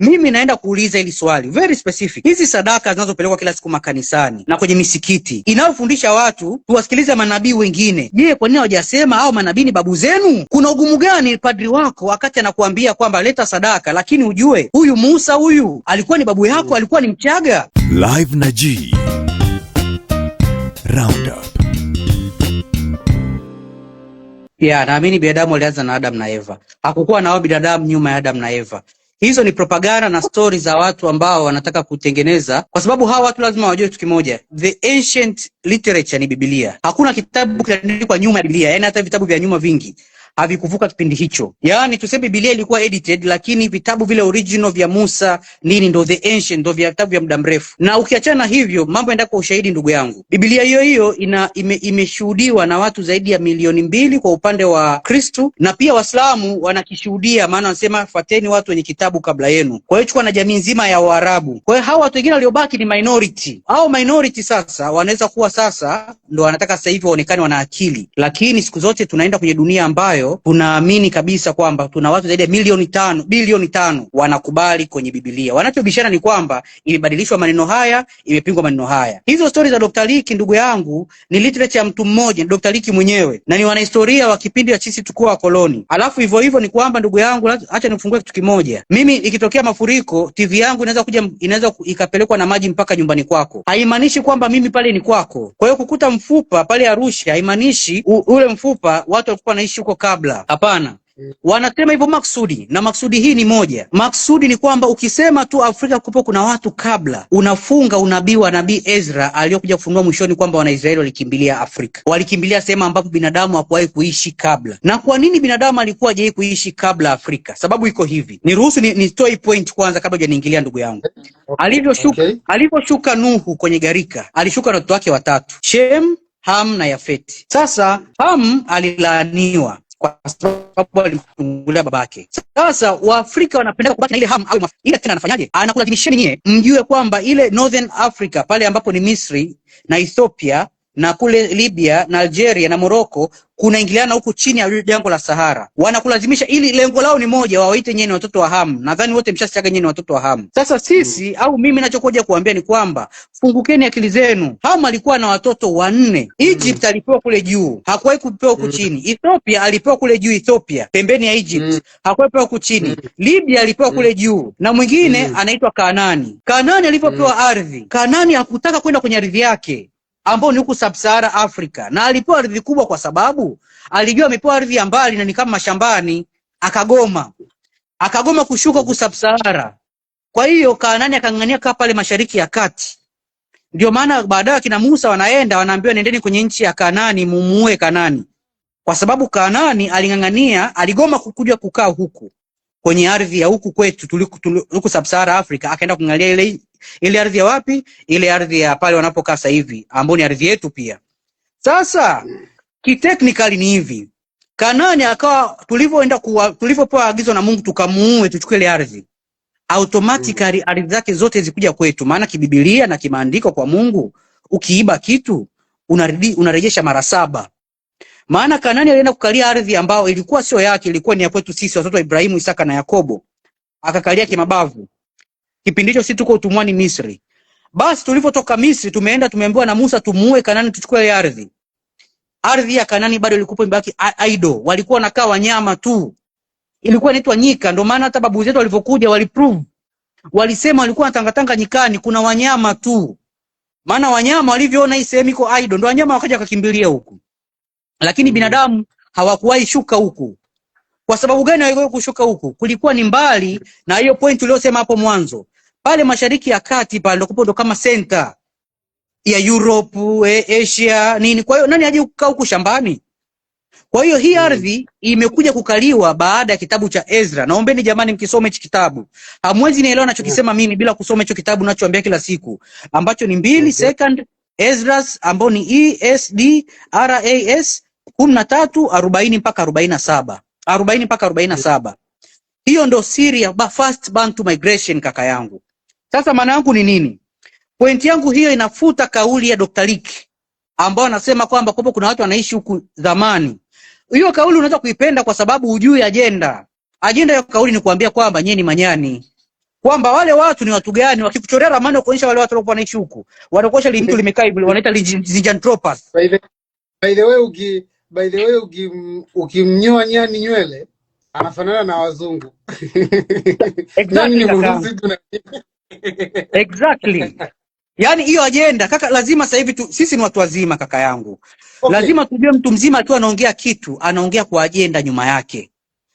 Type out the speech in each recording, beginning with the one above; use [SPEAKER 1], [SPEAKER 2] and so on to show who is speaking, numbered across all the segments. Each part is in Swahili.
[SPEAKER 1] Mimi naenda kuuliza hili swali very specific. Hizi sadaka zinazopelekwa kila siku makanisani na kwenye misikiti inayofundisha watu tuwasikilize manabii wengine, je, kwa nini hawajasema au manabii ni babu zenu? Kuna ugumu gani padri wako wakati anakuambia kwamba leta sadaka, lakini ujue huyu Musa huyu alikuwa ni babu yako, alikuwa ni Mchaga.
[SPEAKER 2] Live na G Roundup
[SPEAKER 1] ya naamini binadamu alianza na Adam na Eva. Hakukuwa nao binadamu nyuma ya Adam na Eva. Hizo ni propaganda na stori za watu ambao wanataka kutengeneza, kwa sababu hawa watu lazima wajue kitu kimoja, the ancient literature ni Biblia. Hakuna kitabu kilichoandikwa nyuma ya Biblia, yaani hata vitabu vya nyuma vingi havikuvuka kipindi hicho. Yaani tuseme Biblia ilikuwa edited, lakini vitabu vile original vya Musa nini ndo the ancient ndo vya vitabu vya muda mrefu. Na ukiachana hivyo mambo yanaenda kwa ushahidi, ndugu yangu. Biblia hiyo hiyo ina ime, imeshuhudiwa na watu zaidi ya milioni mbili kwa upande wa Kristu, na pia Waislamu wanakishuhudia, maana wanasema fateni watu wenye kitabu kabla yenu. Kwa hiyo chukua na jamii nzima ya Waarabu. Kwa hiyo hawa watu wengine waliobaki ni minority. Hao minority sasa wanaweza kuwa sasa ndo wanataka sasa hivi waonekane wana akili, lakini siku zote tunaenda kwenye dunia ambayo leo tunaamini kabisa kwamba tuna watu zaidi ya milioni tano bilioni tano wanakubali kwenye Biblia. Wanachobishana ni kwamba imebadilishwa maneno haya, imepingwa maneno haya. Hizo stori za Dr. Liki ndugu yangu ni literature ya mtu mmoja, ni Dr. Liki mwenyewe na ni wanahistoria wa kipindi cha sisi tukuwa wakoloni. Alafu hivyo hivyo ni kwamba ndugu yangu, acha nifungue kitu kimoja. Mimi ikitokea mafuriko, TV yangu inaweza kuja, inaweza ikapelekwa na maji mpaka nyumbani kwako, haimaanishi kwamba mimi pale ni kwako. Kwa hiyo kukuta mfupa pale Arusha haimaanishi ule mfupa watu walikuwa wanaishi huko kabla. Hapana, mm. wanasema hivyo maksudi, na maksudi hii ni moja. Maksudi ni kwamba ukisema tu Afrika kupo kuna watu kabla, unafunga unabii wa nabii Ezra aliyokuja kufunua mwishoni kwamba Wanaisraeli walikimbilia Afrika, walikimbilia sehemu ambapo binadamu hakuwahi kuishi kabla. Na kwa nini binadamu alikuwa hajawahi kuishi kabla Afrika? Sababu iko hivi, niruhusu nitoe ni point kwanza kabla hujaniingilia ndugu yangu. Alivyoshuka okay. alivyoshuka Nuhu kwenye garika alishuka na watoto wake watatu, Shem, Ham na Yafeti. Sasa Ham alilaaniwa kwa sababu alimfungulia babake. Sasa Waafrika wanapenda kubaki na ile hamu au ile tena, anafanyaje? Anakulazimisheni nyie mjue kwamba ile Northern Africa pale ambapo ni Misri na Ethiopia na kule Libya na Algeria na Morocco kunaingiliana huku chini ya jangwa la Sahara, wanakulazimisha ili lengo lao ni moja, wawaite nyenye watoto wa hamu. Nadhani wote mshasiaga nyenye watoto wa hamu. Sasa sisi mm, au mimi nachokuja kuambia ni kwamba fungukeni akili zenu. Hamu alikuwa na watoto wanne. Mm. Egypt mm, alipewa kule juu, hakuwahi kupewa huku mm. chini. Ethiopia alipewa kule juu, Ethiopia pembeni ya Egypt mm, hakuwahi kupewa huku chini. Mm. Libya alipewa kule juu, na mwingine mm, anaitwa Kanani. Kanani alipopewa mm, ardhi, Kanani hakutaka kwenda kwenye ardhi yake ambao ni huku Sub-Sahara Africa, na alipewa ardhi kubwa kwa sababu alijua amepewa ardhi ya mbali na ni kama mashambani, akagoma akagoma kushuka huku Sub-Sahara. Kwa hiyo Kanaani akang'ania kaa pale mashariki ya kati. Ndio maana baadaye akina Musa wanaenda wanaambiwa, nendeni kwenye nchi ya Kanani mumuue Kanani, kwa sababu Kanani aling'ang'ania, aligoma kukuja kukaa huku kwenye ardhi ya huku kwetu huku Sub-Sahara Africa, akaenda kuangalia ile ile ardhi ya wapi? Ile ardhi ya pale wanapokaa sasa hivi, ambao ni ardhi yetu pia. Sasa kitechnically ni hivi, kanani akawa tulivyoenda tulivyopewa agizo na Mungu tukamuue, tuchukue ile ardhi automatically mm. ardhi zake zote zikuja kwetu, maana kibibilia na kimaandiko kwa Mungu ukiiba kitu unaridi, unarejesha mara saba. Maana kanani alienda kukalia ardhi ambayo ilikuwa sio yake, ilikuwa ni ya kwetu sisi watoto wa Ibrahimu, Isaka na Yakobo, akakalia kimabavu. Kipindi hicho sisi tuko utumwani Misri. Basi tulivyotoka Misri tumeenda tumeambiwa na Musa tumuue Kanani tuchukue ile ardhi. Ardhi ya Kanani bado ilikuwa imebaki aido, walikuwa wanakaa wanyama tu. Ilikuwa inaitwa nyika, ndio maana hata babu zetu walivyokuja waliprove. Walisema walikuwa wanatangatanga nyikani kuna wanyama tu. Maana wanyama walivyoona hii sehemu iko aido, ndio wanyama wakaja wakakimbilia huku. Lakini mm. binadamu hawakuwahi shuka huku. Kwa sababu gani hawakuwahi kushuka huku? Kulikuwa ni mbali na hiyo point uliyosema hapo mwanzo pale Mashariki ya Kati pale ndokupo ndo kama center ya Europe, e, Asia nini. Kwa hiyo nani aje kukaa huku shambani? Kwa hiyo hii hmm. ardhi imekuja kukaliwa baada ya kitabu cha Ezra. Naombeni jamani, mkisome hichi kitabu. Hamwezi nielewa nachokisema mimi bila kusoma hicho kitabu nachoambia kila siku, ambacho ni mbili okay. Second Ezras ambao ni ESDRAS kumi na tatu arobaini mpaka arobaini na saba arobaini mpaka 47 Hiyo ndo siri ya first Bantu migration, kaka yangu. Sasa maana yangu ni nini? Pointi yangu hiyo inafuta kauli ya Dr. Liki ambao anasema kwamba kupo kuna watu wanaishi huku zamani. Hiyo kauli unaweza kuipenda kwa sababu hujui ajenda. Ajenda ya kauli ni kuambia kwamba nyinyi ni manyani. Kwamba wale watu ni watu gani wakikuchorea ramani na kuonyesha wale watu walikuwa wanaishi huku. Wanakuonyesha mtu limekaa hivi wanaita Zinjanthropus.
[SPEAKER 3] By the, by the way uki by the way uki, ukimnyoa nyani nywele anafanana na wazungu.
[SPEAKER 1] Exactly exactly. Yani hiyo ajenda kaka, lazima sasa hivi tu, sisi ni watu wazima kaka yangu okay. Lazima tujue mtu mzima akiwa anaongea kitu anaongea kwa ajenda nyuma yake.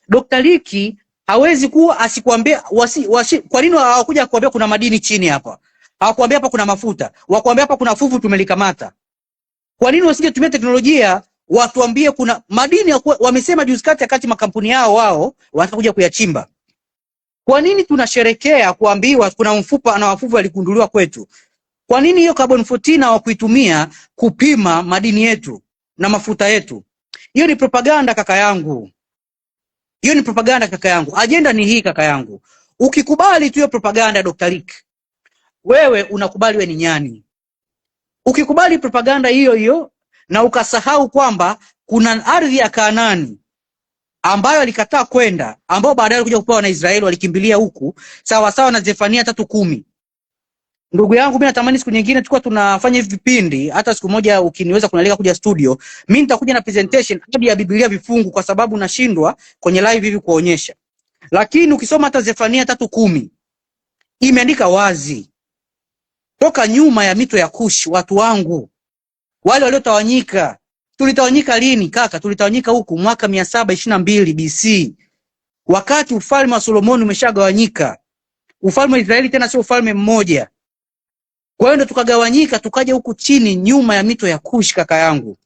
[SPEAKER 1] Dr. Liki hawezi kuwa asikwambia wasi, wasi, kwa nini hawakuja kuambia kuna madini chini hapa? Hawakuambia hapa kuna mafuta, wakuambia hapa kuna fuvu tumelikamata. Kwa nini wasingetumia teknolojia watuambie kuna madini? Wamesema juzi kati ya kati makampuni yao wao watakuja kuyachimba. Kwa nini tunasherekea kuambiwa kuna mfupa na wafupi waligunduliwa kwetu? Kwa nini hiyo carbon 14 na wakuitumia kupima madini yetu na mafuta yetu? Hiyo ni propaganda kaka yangu, hiyo ni propaganda kaka yangu. Ajenda ni hii kaka yangu, ukikubali tu hiyo propaganda, Dr. Rick, wewe unakubali we ni nyani. Ukikubali propaganda hiyo hiyo na ukasahau kwamba kuna ardhi ya Kanani ambayo alikataa kwenda, ambao baadaye alikuja kupewa na Israeli, walikimbilia huku, sawa sawa na Zefania tatu kumi. Ndugu yangu, mimi natamani siku nyingine tukua tunafanya hivi vipindi, hata siku moja ukiniweza kunalika kuja studio, mimi nitakuja na presentation hadi ya Biblia vifungu, kwa sababu nashindwa kwenye live hivi kuonyesha. Lakini ukisoma hata Zefania tatu kumi imeandika wazi, toka nyuma ya mito ya Kushi watu wangu wale waliotawanyika Tulitawanyika lini kaka? Tulitawanyika huku mwaka mia saba ishirini na mbili BC, wakati ufalme wa Solomoni umeshagawanyika. Ufalme wa Israeli tena sio ufalme mmoja. Kwa hiyo ndo tukagawanyika, tukaja huku chini nyuma ya mito ya Kush kaka yangu.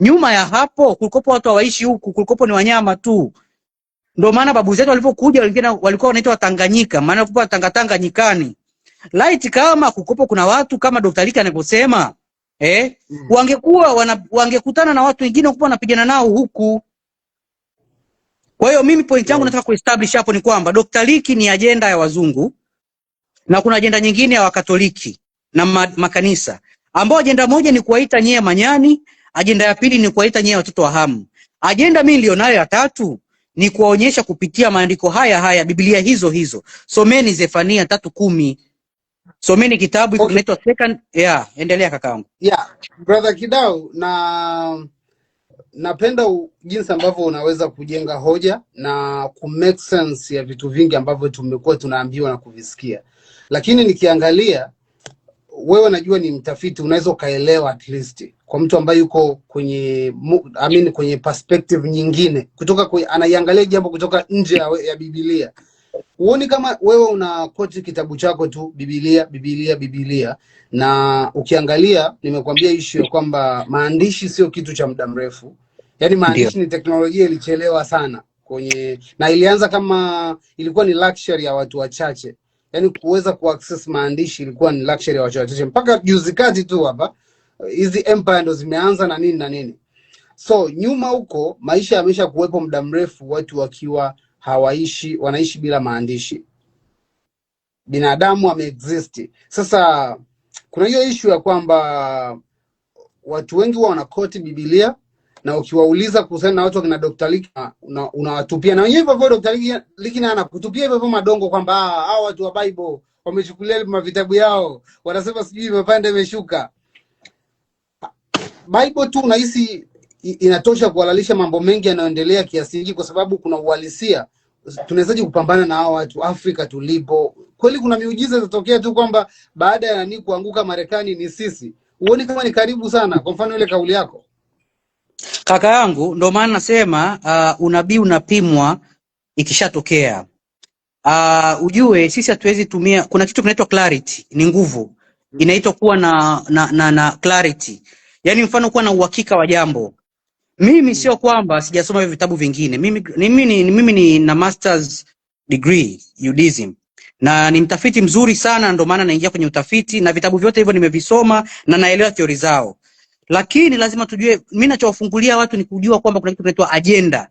[SPEAKER 1] Nyuma ya hapo kulikopo watu hawaishi huku, kulikopo ni wanyama tu. Ndio maana babu zetu walipokuja wengine walikuwa wanaitwa Watanganyika, maana walikuwa Tanga nyikani. Laiti kama kukopo kuna watu kama Dr. Lika anavyosema eh? mm. wangekuwa wangekutana na watu wengine wakuwa wanapigana nao huku. Kwa hiyo mimi point yangu mm. nataka kuestablish hapo ni kwamba Dr. Liki ni ajenda ya wazungu na kuna ajenda nyingine ya Wakatoliki na ma, makanisa ambao ajenda moja ni kuwaita nyie manyani, ajenda ya pili ni kuwaita nyie watoto wa hamu, ajenda mimi nilionayo ya tatu ni kuwaonyesha kupitia maandiko haya haya Biblia hizo hizo, someni Zefania tatu kumi someni kitabu okay. kinaitwa second yeah. Endelea kakaangu.
[SPEAKER 3] Yeah. Brother Kidau, na napenda jinsi ambavyo unaweza kujenga hoja na ku make sense ya vitu vingi ambavyo tumekuwa tunaambiwa na kuvisikia, lakini nikiangalia wewe najua ni mtafiti, unaweza ukaelewa at least kwa mtu ambaye yuko kwenye I mean, kwenye perspective nyingine kutoka kwenye, anaiangalia jambo kutoka nje ya, ya Biblia Huoni kama wewe una koti kitabu chako tu bibilia bibilia bibilia na ukiangalia, nimekuambia ishu ya kwamba maandishi sio kitu cha muda mrefu, yaani maandishi Ndiyo. ni teknolojia ilichelewa sana kwenye na ilianza kama ilikuwa ni luxury ya watu wachache, yaani kuweza kuaccess maandishi ilikuwa ni luxury ya watu wachache, mpaka juzi kati tu hapa hizi empire ndo zimeanza na nini na nini. So nyuma huko maisha yamesha kuwepo muda mrefu, watu wakiwa hawaishi, wanaishi bila maandishi. Binadamu ameexist. Sasa kuna hiyo ishu ya kwamba watu wengi huwa wanakoti Biblia na ukiwauliza kuhusiana na watu wakina Dr. Liki unawatupia una na wenyewe hivyo hivyo. Dr. Lika anakutupia hivyo hivyo madongo kwamba ah, hao watu wa Bible wamechukulia mavitabu yao, wanasema sijui imepanda imeshuka. Bible tu unahisi inatosha kuhalalisha mambo mengi yanayoendelea kiasi hiki, kwa sababu kuna uhalisia tunawezaji kupambana na hawa watu Afrika tulipo? Kweli kuna miujiza itatokea tu kwamba baada ya nani kuanguka Marekani ni sisi. Uone kama ni karibu sana, kwa mfano ile kauli yako
[SPEAKER 1] kaka yangu. Ndio maana nasema uh, unabii unapimwa ikishatokea. Uh, ujue sisi hatuwezi tumia, kuna kitu kinaitwa clarity, ni nguvu inaitwa kuwa na, na, na, na clarity, yaani mfano kuwa na uhakika wa jambo mimi sio kwamba sijasoma hivyo vitabu vingine. Mimi ni mimi na masters degree Judaism na ni mtafiti mzuri sana, ndio maana naingia kwenye utafiti na vitabu vyote hivyo nimevisoma na naelewa theory zao, lakini lazima tujue. Mimi nachowafungulia watu ni kujua kwamba kuna kitu kinaitwa ajenda.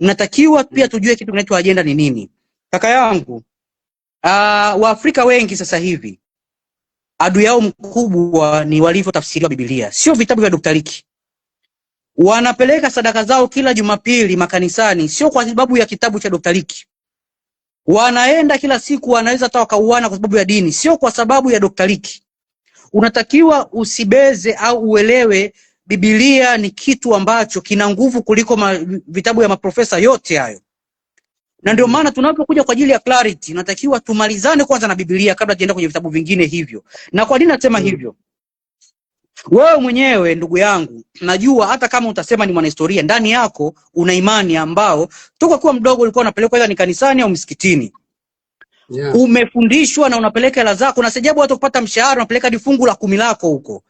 [SPEAKER 1] Mnatakiwa pia tujue kitu kinaitwa ajenda ni nini. Kaka yangu, uh, Waafrika wengi sasa hivi adui yao mkubwa ni walivyotafsiriwa Biblia, sio vitabu vya dr Liki wanapeleka sadaka zao kila Jumapili makanisani, sio kwa sababu ya kitabu cha Dr. Liki. Wanaenda kila siku, wanaweza hata wakauana kwa sababu ya dini, sio kwa sababu ya Dr. Liki. Unatakiwa usibeze au uelewe Biblia ni kitu ambacho kina nguvu kuliko ma, vitabu ya maprofesa yote hayo, na ndio maana tunapokuja kwa ajili ya clarity, natakiwa tumalizane kwanza na Biblia kabla tujaenda kwenye vitabu vingine hivyo, na kwa nini nasema hmm. hivyo? Wewe mwenyewe ndugu yangu, najua hata kama utasema ni mwanahistoria, ndani yako una imani ambao toka kuwa mdogo ulikuwa unapelekwa aidha ni kanisani au msikitini. Yeah. Umefundishwa na unapeleka hela zako na sijabu hata kupata mshahara unapeleka difungu la kumi lako huko.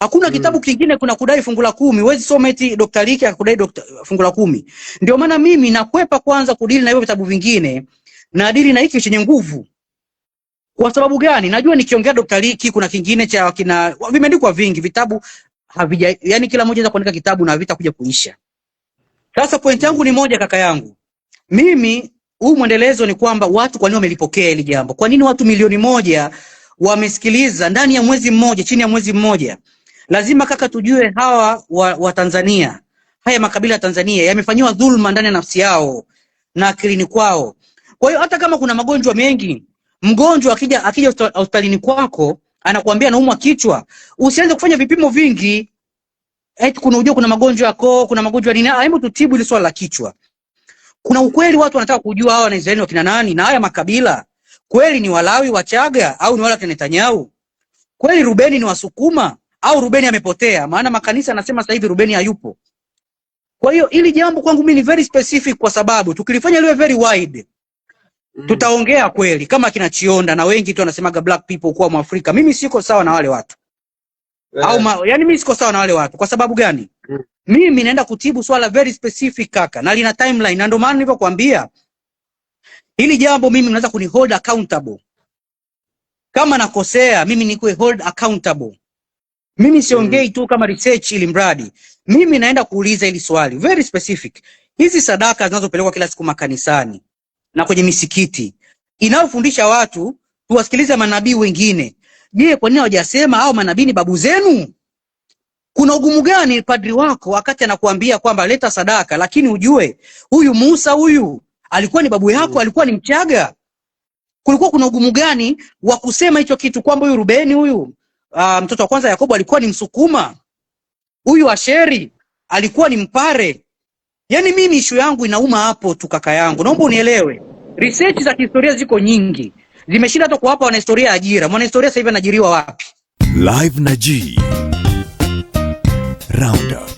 [SPEAKER 1] Hakuna mm. kitabu kingine kuna kudai fungu la kumi. Huwezi soma eti Dr. Liki akakudai fungu la kumi. Ndio maana mimi nakwepa kwanza kudili na hivyo vitabu vingine. na adili na hiki chenye nguvu. Kwa sababu gani? Najua nikiongea Dr. Liki kuna kingine cha kina vimeandikwa vingi vitabu havija yani kila mmoja anaweza kuandika kitabu na havitakuja kuisha. Sasa point yangu ni moja kaka yangu. Mimi huu mwendelezo ni kwamba watu kwa nini wamelipokea hili jambo? Kwa nini watu milioni moja wamesikiliza ndani ya mwezi mmoja, chini ya mwezi mmoja? Lazima kaka tujue hawa wa, wa Tanzania, haya makabila ya Tanzania yamefanyiwa dhulma ndani ya nafsi yao na akilini kwao. Kwa hiyo hata kama kuna magonjwa mengi Mgonjwa akija akija hospitalini kwako anakuambia anaumwa kichwa, usianze kufanya vipimo vingi eti kuna ujua kuna magonjwa ya koo kuna magonjwa nini. Ah, hebu tutibu ile swala la kichwa. Kuna ukweli watu wanataka kujua hawa na Israeli wakina nani na haya makabila kweli ni Walawi Wachaga au ni wala kina Netanyahu? Kweli Rubeni ni Wasukuma au Rubeni amepotea? Maana makanisa anasema sasa hivi Rubeni hayupo. Kwa hiyo ili jambo kwangu mimi ni very specific, kwa sababu tukilifanya liwe very wide Mm. Tutaongea kweli kama kina Chionda na wengi tu wanasemaga black people kuwa Mwafrika. Mimi siko sawa na wale watu. Yeah. Au ma, yani mimi siko sawa na wale watu. Kwa sababu gani? Mm. Mimi naenda kutibu swala very specific kaka na lina timeline na ndio maana nilivyokuambia. Hili jambo mimi mnaweza kuni hold accountable. Kama nakosea mimi nikuwe hold accountable. Mimi siongei mm. tu kama research ili mradi. Mimi naenda kuuliza hili swali very specific. Hizi sadaka zinazopelekwa kila siku makanisani na kwenye misikiti inayofundisha watu tuwasikilize manabii wengine. Je, kwa nini hawajasema hao manabii ni babu zenu? Kuna ugumu gani padri wako wakati anakuambia kwamba leta sadaka, lakini ujue huyu Musa huyu alikuwa ni babu yako, alikuwa ni Mchaga? Kulikuwa kuna ugumu gani wa kusema hicho kitu kwamba huyu Rubeni huyu uh, mtoto wa kwanza Yakobo alikuwa ni Msukuma, huyu Asheri alikuwa ni Mpare? Yaani mimi ishu yangu inauma hapo tu kaka yangu, naomba unielewe. Research za kihistoria ziko nyingi, zimeshinda hata kuwapa wanahistoria ajira. Mwanahistoria sasa hivi anajiriwa wapi? Live na G Roundup.